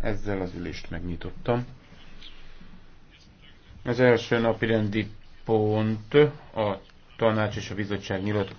Ezzel az ülést megnyitottam. Az első napi rendi pont a tanács és a bizottság nyilatkozat.